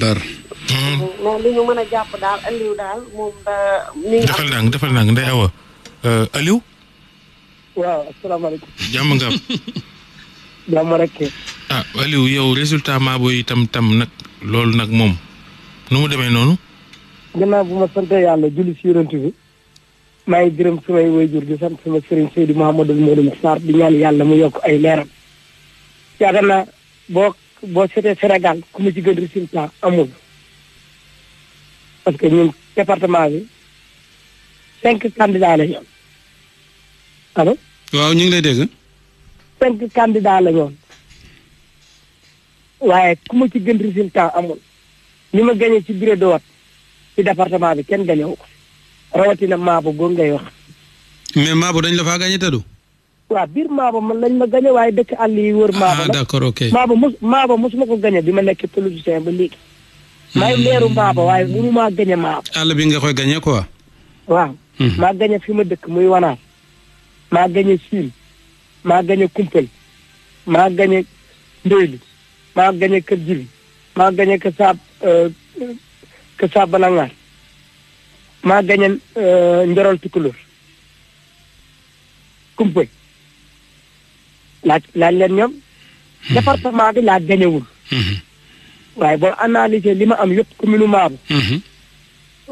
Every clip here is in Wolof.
dar hmm. a jàpp daal defal naa defal naa Ndeye Awa euh, Aliou. waaw asalaamaaleykum. jàmm nga am. jàmm rek. ah Aliou yow résultat Mabo yi tam tam nag loolu nag moom nu mu demee noonu. gannaaw bu ma sant yàlla julli si yonent bi maa ngi gërëm sumay waajur di sant sama sëriñ Seydi Mouhamadou Mouhamadou Sarr di ñaan yàlla mu yokk ay leeram yaakaar naa boo boo seetee Sénégal ku mu ci gën résultat amul parce que ñun département bi cinq candidats la ñu waaw ñu ngi lay dégg. cinq candidats la ñu am waaye ku mu ci gën résultat amul ni ma gañe ci bureau de vote ci département bi kenn gañewu ko rawatina Maabo goon ngay wax. mais Maabo dañ la faa gañe tëdu. waa biir Maabo man lañ ma gañe waaye dëkk àll yi wër. Maabo ah d'accord ok Maabo ko gañe bi ma nekk politicien ba léegi. may leeru hmm. Maabo waaye mënu maa gañe Maabo. àll bi nga koy gañe ko waaw. Hmm. maa gañe fi ma dëkk muy wanaan maa gañe Siin maa gañe Kumpel maa gañe Ndeyli maa gañe Kër Jibi maa gañe Kër Saab euh, maa gañe euh, Njorol Tukulóor Kumpel. laaj laaj leen ñoom. Mhm. département bi laaj gañewul. Mhm. waaye boo analyser li ma am yëpp commune Maabo. Mhm.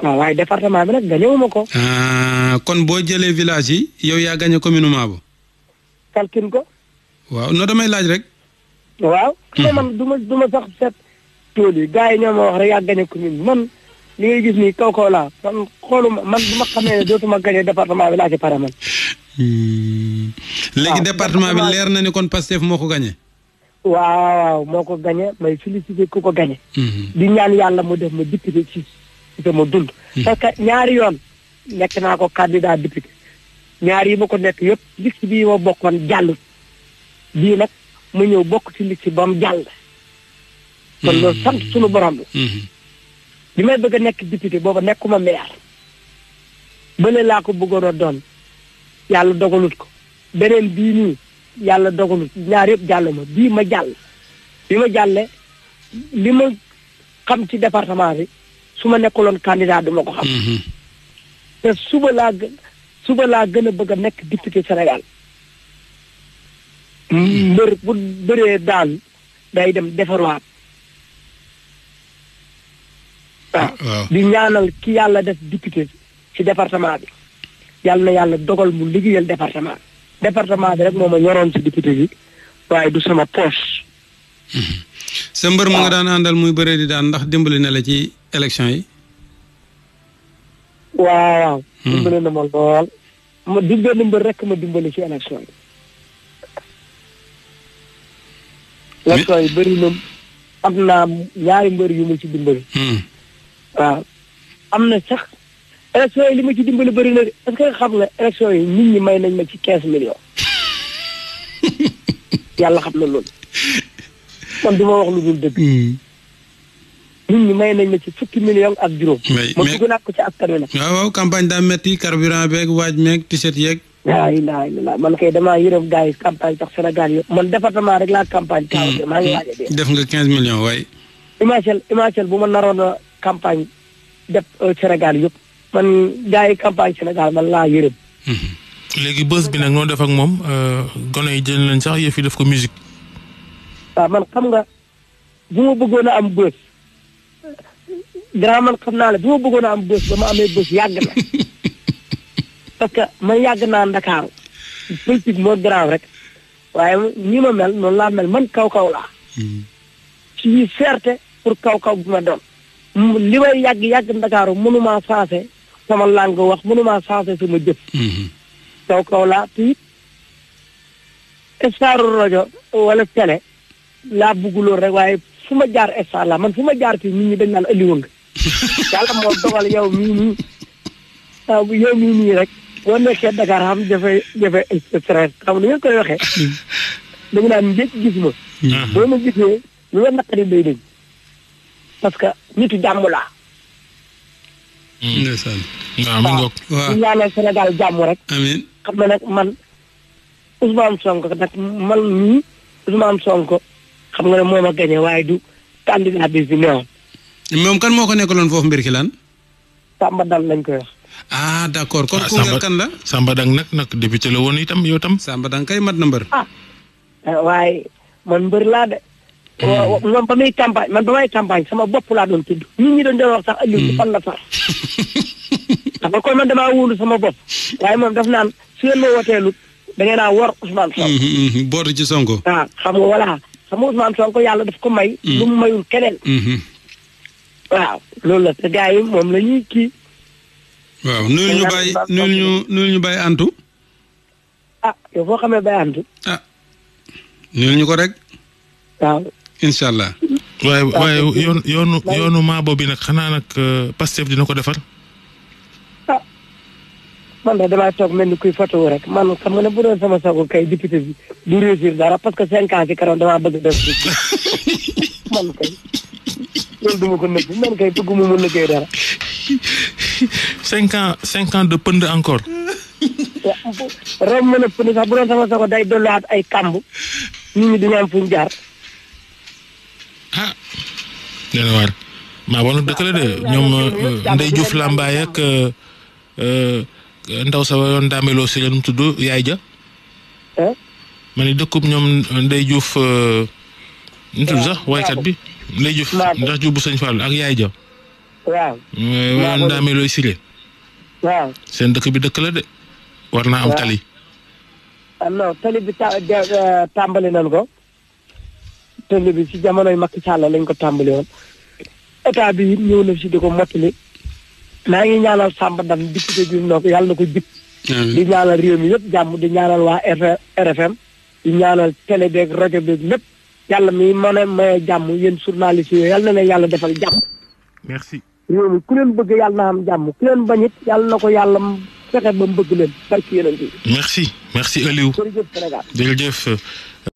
waaw waaye département bi rek gañewuma ko. Ah, kon boo jëlee village yi yow yaa gañe commune Maabo. calcule ko. waaw non damay laaj rek. waaw. xam man sax seet tool yi gars yi wax rek yaa gañe commune man. li ngay gis nii kaw kaw laa man xooluma ma xamee ne dootuma gagné département bi laa ci pare man. Hmm. léegi département bi leer na ni kon Pastef moo ko gagné. waaw moo ko gagné may félicité ku ko gagné. Hmm. di ñaan yàlla mu def ma député ci sama dund. Hmm. parce que ñaari yoon nekk naa ko candidat député ñaari yi ma ko nekk yëpp liste bii ma bokkoon jàllut bii nag mu ñëw bokk ci liste ba mu jàll. kon loolu sant sunu borom la. bi may bëgg a nekk député booba nekkuma maire bële laa ko bëggoon a doon yàlla dogalut ko beneen bii yàlla dogalut ñaar yëpp jàll ma bii ma jàll bi ma jàlle li ma xam ci département bi su ma nekkuloon candidat ko xam mhm. te suba laa gën a bëgg a nekk député Sénégal mhm. mbër bu bëree daan day dem defarwaat waaw di ñaanal ki yàlla def député ci département bi yàlla na yàlla dogal mu liggéeyal département département bi rek moom a ñoroon ci député bi waaye du sama poche. sa mbër mu nga daan àndal muy bëree di daan ndax dimbali na la ci élection yi. waaw. Hmm. dimbali na ma lool. ma dimbali mbër rek ma dimbali ci élection yi. élection yi bëri na am naa ñaari mbër yu mu ci dimbali. Hmm. waaw am na sax élection yi li ma ci dimbali bëri na de parce que xam nga élection yi nit ñi may nañ ma ci quinze millions yàlla xam na loolu man du ma wax lu dul dëgg nit ñi may nañ ma ci fukki millions ak juróom ma dugg naa ko ci askan wi nag waaw waaw campagne daa metti carburant beeg waaj meeg t-shirt yeeg laa ilaaha illallaah man kay damaa yërëm gars yi campagne tax Sénégal yëpp man département rek laa campagne kaw maa ngi waaj a dee def nga quinze millions waay imagine imagine bu ma naroon campagne def euh, Sénégal yëpp man gars campagne Sénégal man laa yërëm. Mm-hmm. léegi bës bi nag noo def ak moom euh, gone yi man xam nga bu ma bëggoon a am bës man xam naa la bu ma bëggoon a am bës ba ma amee bës yàgg na parce que man yàgg naa Ndakaaru politique moo grand rek waaye ma mel noonu li may yàgg yàgg ndakaaru mënumaa changé sama làng wax mënumaa changé sama jëf taw mhm. kaw laa te it staaru rajo wala télé laa bugguloon rek waaye fu ma jaar star la man fu ma jaar fii nit ñi dañ naan ëlliwë nga yàlla moo dogal yow mii nii yow mii nii rek boo nekkee Dakar xam jafe jafe stress xam ni ngeen koy waxee mhm. dañu naan njëkk gis ma mhm. boo ma gisee lu naqari day dañ parce que nitu jàmm laa hmm. ndeysaan waaw mu ngoog waaw ñaanal Sénégal jàmm rek amin xam na nag man Ousmane Sonko nag man mii Ousmane Sonko xam nga ne moom a gagné waaye du candidat bi si neewam moom kan moo ko nekkaloon mbir ki lan Samba dal lañ koy wax ah d'accord kon ah, Koungheul kan la Samba dang nag nag député la woon itam yow tam Samba dang kay mat number. mbër ah waaye man mbër laa de moom ba muy campagne man ba may campagne sama bopp laa doon tudd nit ñi doon doon wax sax Aliou ci fan la sax dafa koy man damaa wóolu sama bopp waaye moom daf naan su leen ma woteelu da ngeen a wor mm-hmm, mm-hmm. ci Sonko waaw ah, xam nga voilà xam nga Ousmane Sonko yàlla daf ko may mm. lu mu mayul keneen mm-hmm. waaw loolu la te gars yi moom la ñuy kii waaw nuyul ñu bàyyi nuyul ñu nuyul ñu bàyyi antu ah yow foo xamee bàyyi antu ah nuyul ñu ko rek waaw incha allah. waaye waaye yoon yoonu yoonu maabo bi nag xanaa nag euh, Pastef dina ko defar. Ah. man de damay toog mel ni kuy fotowu rek man kay député bi du réussir dara parce cinq ans ci kanam damaa bëgg def man man kay bëgg mu mën liggéey dara. cinq ans cinq ans de pënd encore. waaw bu romb pënd sax bu doon sama sago day dolliwaat ay kàmb nit ñi dañu am fu ñu jaar. nee na waar maa woon dëkk la de ñoom ah, euh, ah, Ndey Juuf ah, Lambaay ak euh, euh, ndaw sa yoon daameloo si leen tudd yaay ja eh? ma ne ñoom Ndey Juuf ñu tudd sax waykat bi Ndey Juuf ndax Juuf bu sëñ Fall ak yaay ja waaw yoon daameloo seen dëkk bi dëkk la de war naa am tali. tali bi tàmbali nañ ko. télé bi ci jamono jamonoy Macky Sall lañ ko tambalé won état bi it ñëw na ci diko motalé mottali ngi ñaanal Samba Dam député bi noo ko yàlla na ko di ñaanal réew mi yépp jamm di ñaanal wa RFM di ñaanal télé ak radio bi lepp Yalla mi mën may jamm yeen journaliste yo Yalla na Yalla defal jamm merci ñoom ku leen bëgg Yalla na am jamm ku leen bañit Yalla nako Yalla fexé ba mbëgg leen barki yeenante merci merci Aliou jërëjëf Sénégal jërëjëf